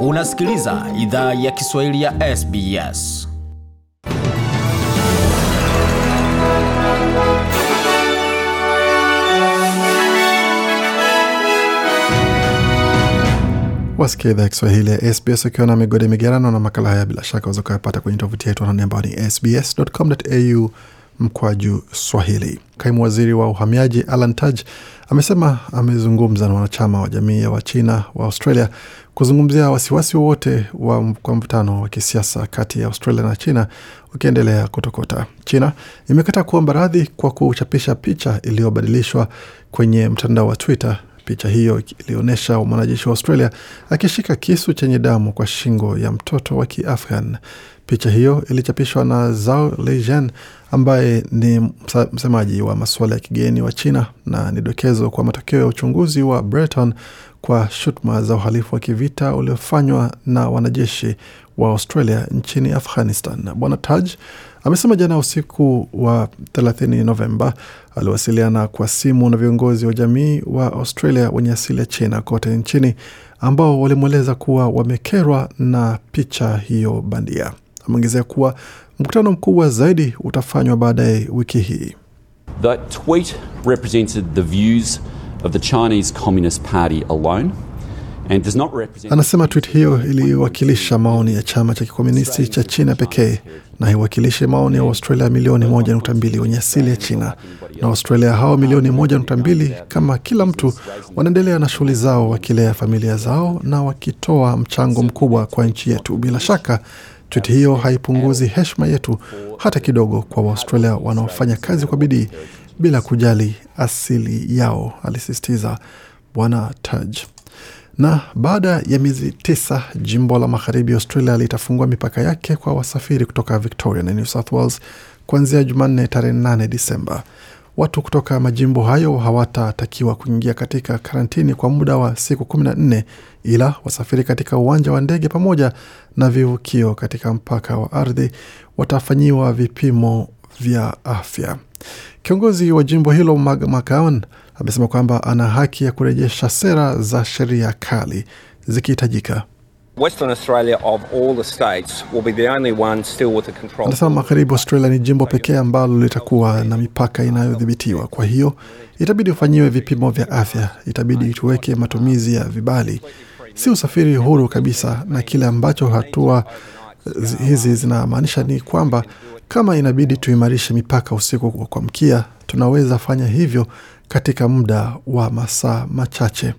Unasikiliza idhaa ya Kiswahili ya SBS. Wasikia idhaa ya Kiswahili ya SBS ukiwa na migode migerano na makala haya. Bila shaka waweza kuyapata kwenye tovuti yetu anaone ambao ni sbs.com.au mkwaju Swahili. Kaimu waziri wa uhamiaji Alan Tudge amesema amezungumza na wanachama wa jamii ya Wachina wa Australia kuzungumzia wasiwasi wowote wa kwa mvutano wa kisiasa kati ya Australia na China ukiendelea kutokota. China imekataa kuomba radhi kwa kuchapisha picha iliyobadilishwa kwenye mtandao wa Twitter. Picha hiyo ilionyesha mwanajeshi wa Australia akishika kisu chenye damu kwa shingo ya mtoto wa Kiafghan. Picha hiyo ilichapishwa na Zhao lejen ambaye ni msemaji wa masuala ya kigeni wa China na ni dokezo kwa matokeo ya uchunguzi wa Breton kwa shutuma za uhalifu wa kivita uliofanywa na wanajeshi wa Australia nchini Afghanistan. Bwana Taj amesema jana usiku wa 30 Novemba aliwasiliana kwa simu na viongozi wa jamii wa Australia wenye asili ya China kote nchini ambao walimweleza kuwa wamekerwa na picha hiyo bandia. Ameongezea kuwa mkutano mkubwa zaidi utafanywa baadaye wiki hii. That tweet represented the views of the Chinese Communist Party alone. Represent... Anasema tweet hiyo iliwakilisha maoni ya chama cha kikomunisti cha China pekee na haiwakilishi maoni ya Waustralia milioni 1.2 wenye asili ya China. Na Waustralia hao milioni mbili kama kila mtu, wanaendelea na shughuli zao, wakilea familia zao na wakitoa mchango mkubwa kwa nchi yetu. Bila shaka Twiti hiyo haipunguzi heshima yetu hata kidogo kwa Waaustralia wanaofanya kazi kwa bidii bila kujali asili yao, alisisitiza Bwana taj Na baada ya miezi tisa, jimbo la magharibi Australia litafungua mipaka yake kwa wasafiri kutoka Victoria na New South Wales kuanzia Jumanne tarehe 8 Disemba. Watu kutoka majimbo hayo hawatatakiwa kuingia katika karantini kwa muda wa siku kumi na nne ila wasafiri katika uwanja wa ndege pamoja na vivukio katika mpaka wa ardhi watafanyiwa vipimo vya afya. Kiongozi wa jimbo hilo Makaon amesema kwamba ana haki ya kurejesha sera za sheria kali zikihitajika. Anasema magharibi Australia ni jimbo pekee ambalo litakuwa na mipaka inayodhibitiwa, kwa hiyo itabidi ufanyiwe vipimo vya afya, itabidi tuweke matumizi ya vibali, si usafiri huru kabisa. Na kile ambacho hatua hizi zinamaanisha ni kwamba kama inabidi tuimarishe mipaka usiku wa kuamkia, tunaweza fanya hivyo katika muda wa masaa machache.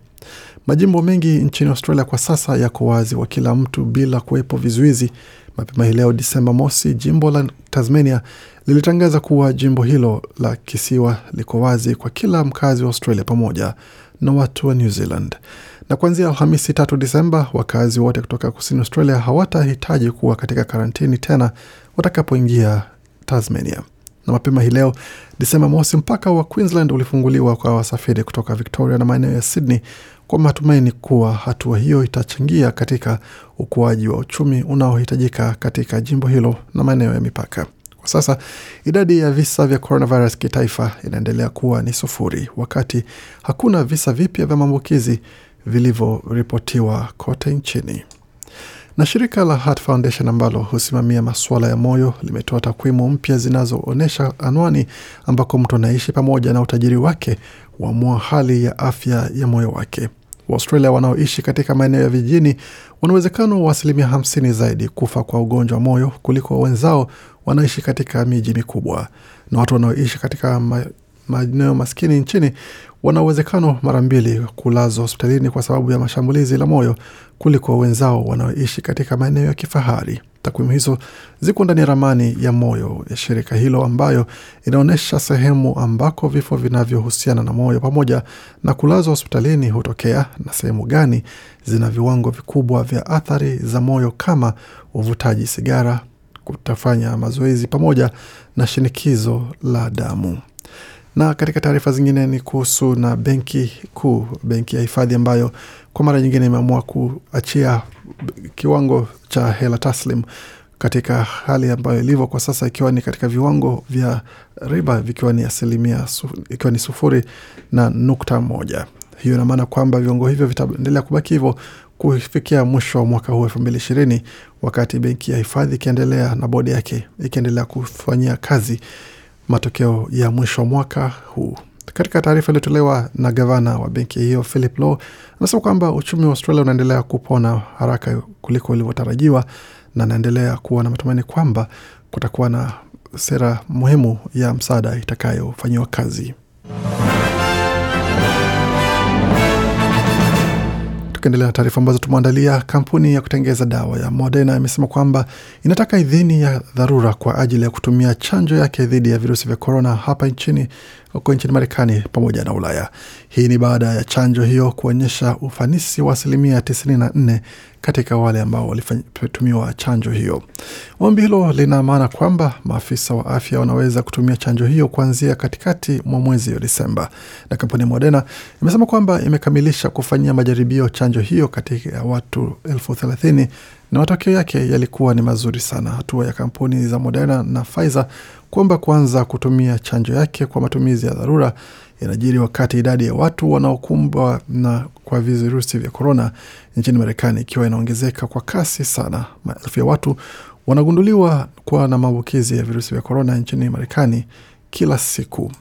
Majimbo mengi nchini Australia kwa sasa yako wazi kwa kila mtu bila kuwepo vizuizi. Mapema hii leo Disemba mosi, jimbo la Tasmania lilitangaza kuwa jimbo hilo la kisiwa liko wazi kwa kila mkazi wa Australia pamoja na watu wa New Zealand. Na kuanzia Alhamisi tatu Disemba, wakazi wote kutoka kusini Australia hawatahitaji kuwa katika karantini tena watakapoingia Tasmania. Na mapema hii leo Desemba mosi, mpaka wa Queensland ulifunguliwa kwa wasafiri kutoka Victoria na maeneo ya Sydney kwa matumaini kuwa hatua hiyo itachangia katika ukuaji wa uchumi unaohitajika katika jimbo hilo na maeneo ya mipaka. Kwa sasa idadi ya visa vya coronavirus kitaifa inaendelea kuwa ni sufuri, wakati hakuna visa vipya vya maambukizi vilivyoripotiwa kote nchini. Na shirika la Heart Foundation ambalo husimamia masuala ya moyo limetoa takwimu mpya zinazoonyesha anwani ambako mtu anaishi pamoja na utajiri wake huamua hali ya afya ya moyo wake. Waustralia wanaoishi katika maeneo ya vijijini wana uwezekano wa asilimia hamsini zaidi kufa kwa ugonjwa wa moyo kuliko wenzao wanaishi katika miji mikubwa, na watu wanaoishi katika maeneo maskini nchini wana uwezekano mara mbili kulazwa hospitalini kwa sababu ya mashambulizi la moyo kuliko wenzao wanaoishi katika maeneo ya kifahari. Takwimu hizo ziko ndani ya ramani ya moyo ya shirika hilo ambayo inaonyesha sehemu ambako vifo vinavyohusiana na moyo pamoja na kulazwa hospitalini hutokea na sehemu gani zina viwango vikubwa vya athari za moyo kama uvutaji sigara, kutafanya mazoezi pamoja na shinikizo la damu. Na katika taarifa zingine ni kuhusu na benki kuu, benki ya hifadhi ambayo kwa mara nyingine imeamua kuachia kiwango cha hela taslim katika hali ambayo ilivyo kwa sasa, ikiwa ni katika viwango vya riba vikiwa ni asilimia ikiwa ni sufuri na nukta moja. Hiyo ina maana kwamba viwango hivyo vitaendelea kubaki hivyo kufikia mwisho wa mwaka huu elfu mbili ishirini, wakati benki ya hifadhi ikiendelea na bodi yake ikiendelea kufanyia kazi matokeo ya mwisho wa mwaka huu. Katika taarifa iliyotolewa na gavana wa benki hiyo Philip Lowe, anasema kwamba uchumi wa Australia unaendelea kupona haraka kuliko ulivyotarajiwa na anaendelea kuwa na matumaini kwamba kutakuwa na sera muhimu ya msaada itakayofanyiwa kazi. Tukiendelea na taarifa ambazo tumeandalia, kampuni ya kutengeza dawa ya Moderna imesema kwamba inataka idhini ya dharura kwa ajili ya kutumia chanjo yake dhidi ya virusi vya korona hapa nchini huko nchini Marekani pamoja na Ulaya. Hii ni baada ya chanjo hiyo kuonyesha ufanisi wa asilimia 94 katika wale ambao walitumiwa chanjo hiyo. Ombi hilo lina maana kwamba maafisa wa afya wanaweza kutumia chanjo hiyo kuanzia katikati mwa mwezi wa Disemba. Na kampuni Moderna imesema kwamba imekamilisha kufanyia majaribio chanjo hiyo katika watu elfu thelathini na matokeo yake yalikuwa ni mazuri sana. Hatua ya kampuni za Moderna na Pfizer kuomba kuanza kutumia chanjo yake kwa matumizi ya dharura inajiri wakati idadi ya watu wanaokumbwa na kwa virusi vya korona nchini Marekani ikiwa inaongezeka kwa kasi sana. Maelfu ya watu wanagunduliwa kuwa na maambukizi ya virusi vya korona nchini Marekani kila siku.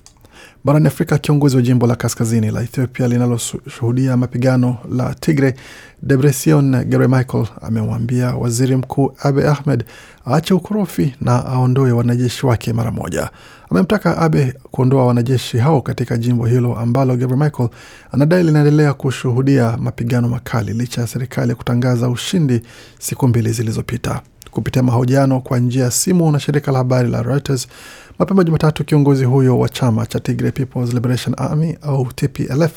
Barani Afrika, kiongozi wa jimbo la kaskazini la Ethiopia linaloshuhudia mapigano la Tigre, Debretsion Michael amemwambia waziri mkuu Abe Ahmed aache ukorofi na aondoe wanajeshi wake mara moja. Amemtaka Abe kuondoa wanajeshi hao katika jimbo hilo ambalo Michael anadai linaendelea kushuhudia mapigano makali licha ya serikali kutangaza ushindi siku mbili zilizopita. Kupitia mahojiano kwa njia ya simu na shirika la habari la Reuters, Mapema Jumatatu, kiongozi huyo wa chama cha Tigray People's Liberation Army au TPLF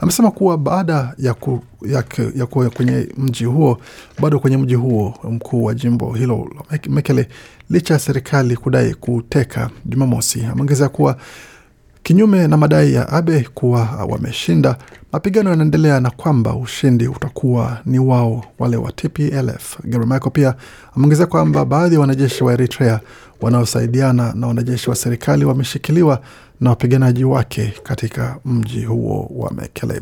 amesema kuwa baada ya, ku, ya, ya kuwa kwenye mji huo bado kwenye mji huo mkuu wa jimbo hilo la Mekele licha ya serikali kudai kuteka Jumamosi. Ameongezea kuwa kinyume na madai ya Abe kuwa wameshinda, mapigano yanaendelea na kwamba ushindi utakuwa ni wao wale wa TPLF. Gebre Michael pia ameongezea kwamba baadhi ya wanajeshi wa Eritrea wanaosaidiana na wanajeshi wa serikali wameshikiliwa na wapiganaji wake katika mji huo wa Mekele.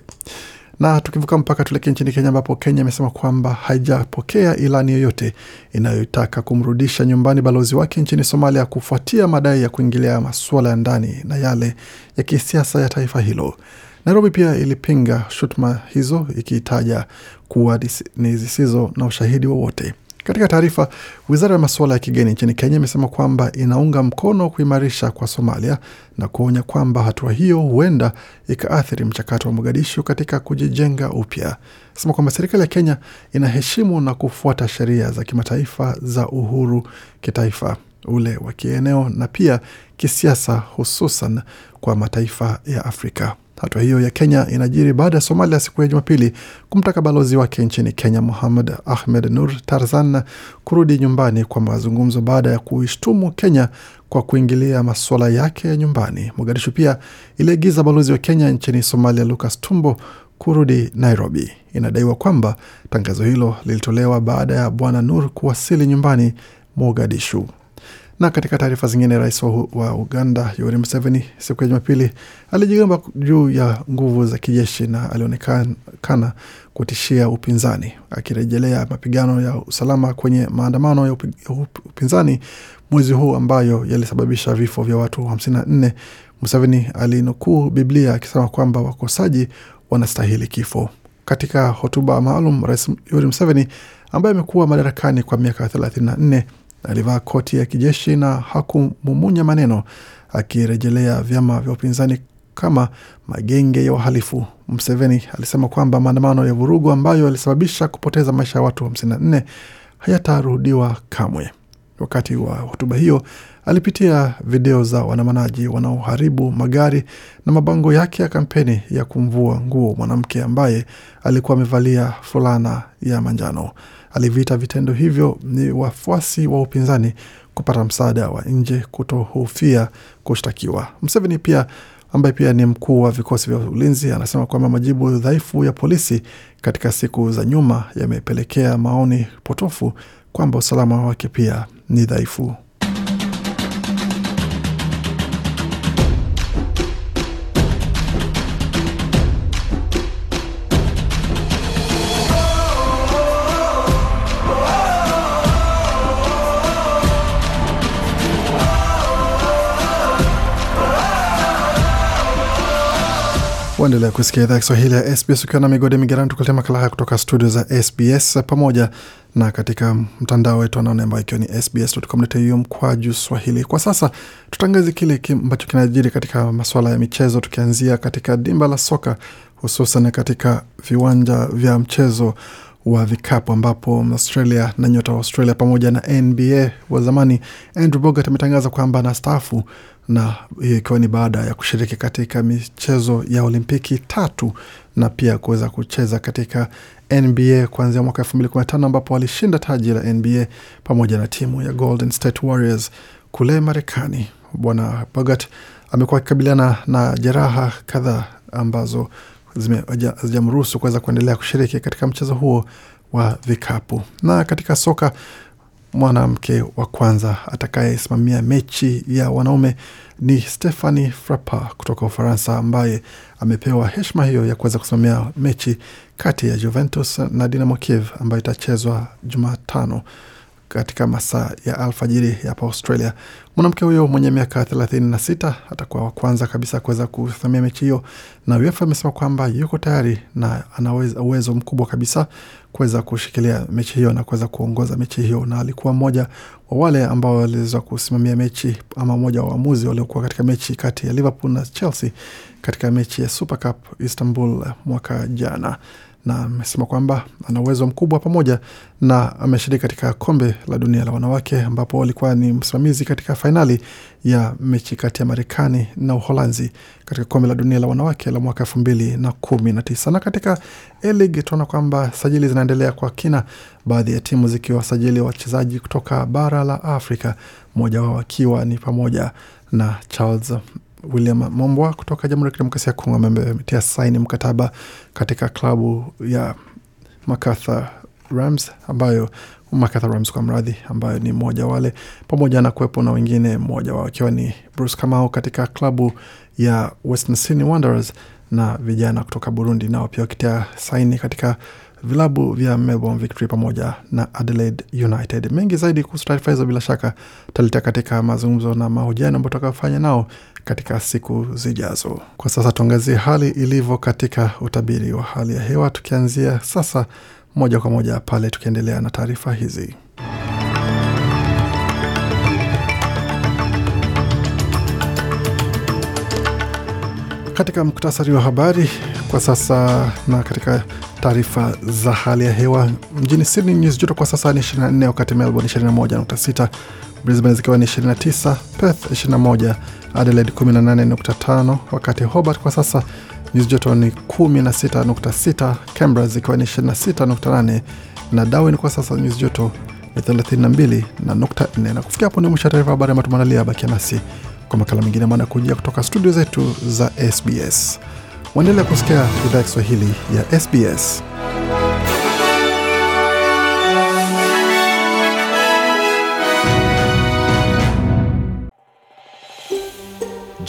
Na tukivuka mpaka tuelekee nchini Kenya, ambapo Kenya imesema kwamba haijapokea ilani yoyote inayotaka kumrudisha nyumbani balozi wake nchini Somalia kufuatia madai ya kuingilia masuala ya ndani na yale ya kisiasa ya taifa hilo. Nairobi pia ilipinga shutuma hizo ikitaja kuwa ni zisizo na ushahidi wowote. Katika taarifa, wizara ya masuala ya kigeni nchini Kenya imesema kwamba inaunga mkono kuimarisha kwa Somalia na kuonya kwamba hatua hiyo huenda ikaathiri mchakato wa Mogadishu katika kujijenga upya. Sema kwamba serikali ya Kenya inaheshimu na kufuata sheria za kimataifa za uhuru kitaifa ule wa kieneo na pia kisiasa, hususan kwa mataifa ya Afrika. Hatua hiyo ya Kenya inajiri baada ya Somalia siku ya Jumapili kumtaka balozi wake nchini Kenya Muhammad Ahmed Nur Tarzan kurudi nyumbani kwa mazungumzo baada ya kuishtumu Kenya kwa kuingilia masuala yake ya nyumbani. Mogadishu pia iliagiza balozi wa Kenya nchini Somalia Lucas Tumbo kurudi Nairobi. Inadaiwa kwamba tangazo hilo lilitolewa baada ya bwana Nur kuwasili nyumbani Mogadishu. Na katika taarifa zingine, rais wa Uganda Yoweri Museveni siku ya Jumapili alijigamba juu ya nguvu za kijeshi na alionekana kutishia upinzani, akirejelea mapigano ya usalama kwenye maandamano ya upinzani mwezi huu ambayo yalisababisha vifo vya watu 54. Museveni alinukuu Biblia akisema kwamba wakosaji wanastahili kifo. Katika hotuba maalum, rais Yoweri Museveni ambaye amekuwa madarakani kwa miaka 34 alivaa koti ya kijeshi na hakumumunya maneno, akirejelea vyama vya upinzani kama magenge ya uhalifu Mseveni alisema kwamba maandamano ya vurugu ambayo yalisababisha kupoteza maisha ya watu 54 hayatarudiwa kamwe. Wakati wa hotuba hiyo alipitia video za waandamanaji wanaoharibu magari na mabango yake ya kampeni ya kumvua nguo mwanamke ambaye alikuwa amevalia fulana ya manjano aliviita vitendo hivyo ni wafuasi wa upinzani kupata msaada wa nje kutohofia kushtakiwa. Mseveni pia ambaye pia ni mkuu wa vikosi vya ulinzi anasema kwamba majibu dhaifu ya polisi katika siku za nyuma yamepelekea maoni potofu kwamba usalama wake pia ni dhaifu. Waendelea kusikia idhaa Kiswahili ya SBS ukiwa na migodi migerani, tukuletea makala haya kutoka studio za SBS pamoja na katika mtandao wetu anaone ambao ikiwa ni sbs.com.au mkwaju swahili. Kwa sasa tutangazi kile ambacho kinajiri katika masuala ya michezo, tukianzia katika dimba la soka, hususan katika viwanja vya mchezo wa vikapu ambapo Australia na nyota wa Australia pamoja na NBA wa zamani Andrew Bogut ametangaza kwamba anastaafu, na hiyo eh, ikiwa ni baada ya kushiriki katika michezo ya Olimpiki tatu na pia kuweza kucheza katika NBA kuanzia mwaka elfu mbili kumi na tano ambapo alishinda taji la NBA pamoja na timu ya Golden State Warriors kule Marekani. Bwana Bogut amekuwa akikabiliana na jeraha kadhaa ambazo hazijamruhusu kuweza kuendelea kushiriki katika mchezo huo wa vikapu. Na katika soka, mwanamke wa kwanza atakayesimamia mechi ya wanaume ni Stephanie frapa kutoka Ufaransa, ambaye amepewa heshima hiyo ya kuweza kusimamia mechi kati ya Juventus na Dinamo Kiev ambayo itachezwa Jumatano katika masaa ya alfajiri hapa Australia. Mwanamke huyo mwenye miaka 36 atakuwa wa kwanza kabisa kuweza kusimamia mechi hiyo, na UEFA amesema kwamba yuko tayari na ana uwezo mkubwa kabisa kuweza kushikilia mechi hiyo na kuweza kuongoza mechi hiyo, na alikuwa mmoja wa wale ambao waliweza kusimamia mechi ama mmoja wa waamuzi waliokuwa katika mechi kati ya Liverpool na Chelsea katika mechi ya Super Cup Istanbul mwaka jana na amesema kwamba ana uwezo mkubwa pamoja na ameshiriki katika kombe la dunia la wanawake ambapo alikuwa ni msimamizi katika fainali ya mechi kati ya Marekani na Uholanzi katika kombe la dunia la wanawake la mwaka elfu mbili na kumi na tisa. Na katika A-League tunaona kwamba sajili zinaendelea kwa kina, baadhi ya timu zikiwasajili wachezaji kutoka bara la Afrika, mmoja wao akiwa ni pamoja na Charles William Mombwa kutoka Jamhuri ya Kidemokrasia ya Kongo ametia saini mkataba katika klabu ya Makatha Rams ambayo Makata Rams kwa mradhi, ambayo ni mmoja wale, pamoja na kuwepo na wengine, mmoja wao akiwa ni Bruce Kamau katika klabu ya Western Sydney Wanderers na vijana kutoka Burundi nao pia wakitia saini katika vilabu vya Melbourne Victory pamoja na Adelaide United. Mengi zaidi kuhusu taarifa hizo bila shaka taletea katika mazungumzo na mahojiano ambayo tutakayofanya nao katika siku zijazo. Kwa sasa tuangazie hali ilivyo katika utabiri wa hali ya hewa tukianzia sasa moja kwa moja pale tukiendelea na taarifa hizi. Katika muktasari wa habari kwa sasa na katika taarifa za hali ya hewa mjini Sydney, nyuzi joto kwa sasa ni 24, wakati Melbourne 21.6, Brisbane zikiwa ni 29, Perth 21, Adelaide 18.5, wakati Hobart kwa sasa nyuzi joto ni 16.6, Canberra zikiwa ni 26.8 na Darwin kwa sasa nyuzi joto ni 32 na nukta 4. Na kufikia hapo ni mwisho wa taarifa habari ya tumeandalia. Bakia nasi kwa makala mengine ambayo kujia kutoka studio zetu za SBS. Mwendelea kusikia idhaa ya Kiswahili ya SBS.